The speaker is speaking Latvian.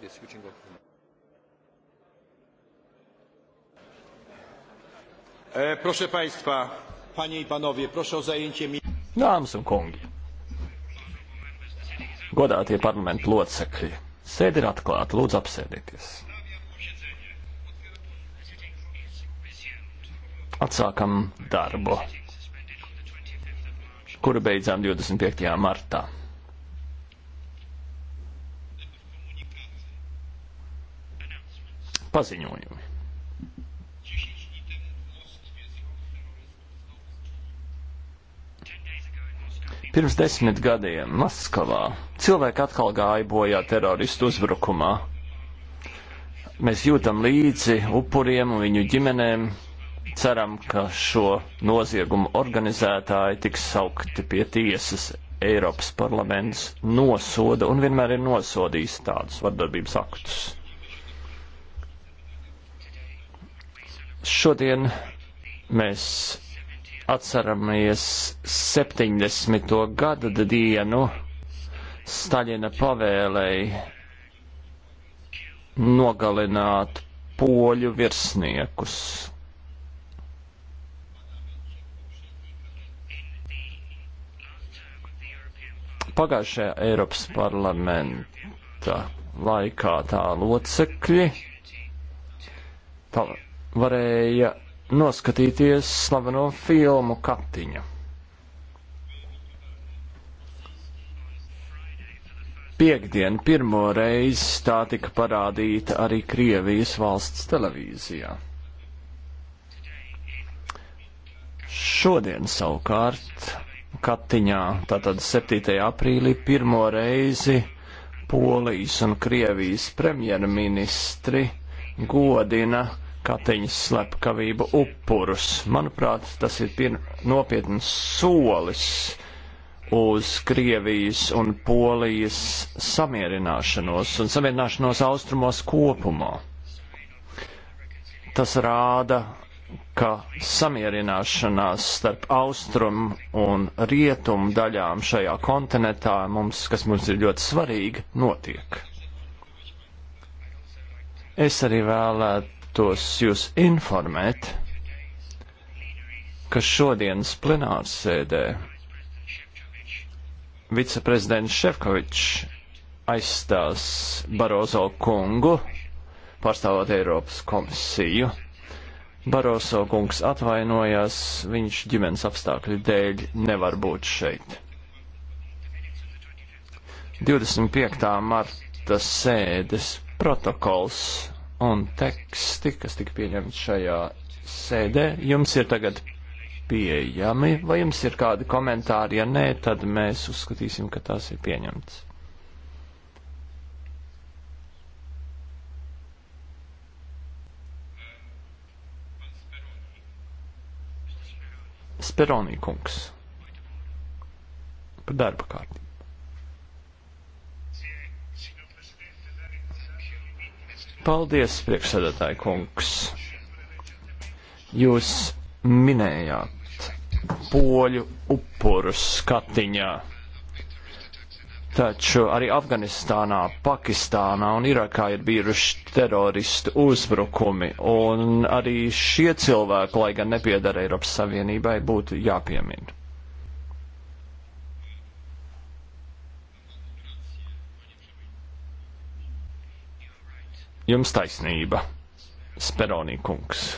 to be switching off. E, proszę Państwa, Panie i Panowie, proszę o zajęcie mi... Dāmas un kungi, godātie parlamenta locekļi, sēdi ir atklāta, lūdzu apsēdieties. Atsākam darbu, kuru beidzām 25. martā. paziņojumi. Pirms desmit gadiem Maskavā cilvēki atkal gāja bojā teroristu uzbrukumā. Mēs jūtam līdzi upuriem un viņu ģimenēm, ceram, ka šo noziegumu organizētāji tiks saukti pie tiesas. Eiropas parlaments nosoda un vienmēr ir nosodījis tādus vardarbības aktus. Šodien mēs atceramies 70. gada dienu Staļina pavēlēja nogalināt poļu virsniekus. Pagājušajā Eiropas parlamenta laikā tā locekļi pa, varēja noskatīties slaveno filmu Katiņa. Piektdien pirmo reizi tā tika parādīta arī Krievijas valsts televīzijā. Šodien savukārt Katiņā, tātad 7. aprīlī, pirmo reizi Polijas un Krievijas premjerministri godina Katiņas slepkavību upurus. Manuprāt, tas ir pir... nopietns solis uz Krievijas un Polijas samierināšanos un samierināšanos austrumos kopumā. Tas rāda, ka samierināšanās starp austrumu un rietumu daļām šajā kontinentā, mums, kas mums ir ļoti svarīga, notiek. Es arī vēlētu vēlētos jūs informēt, ka šodienas plenārsēdē viceprezidents Šefkovičs aizstās Barozo kungu, pārstāvot Eiropas komisiju. Barozo kungs atvainojās, viņš ģimenes apstākļu dēļ nevar būt šeit. 25. marta sēdes protokols un teksti, kas tika pieņemti šajā sēdē, jums ir tagad pieejami, vai jums ir kādi komentāri, ja nē, tad mēs uzskatīsim, ka tās ir pieņemts. Speronī kungs par darba kārtību. Paldies, priekšsēdētāji kungs. Jūs minējāt poļu upurus skatiņā, taču arī Afganistānā, Pakistānā un Irakā ir bijuši teroristu uzbrukumi, un arī šie cilvēki, lai gan nepiedara Eiropas Savienībai, būtu jāpiemina. Jums taisnība, Speronī kungs.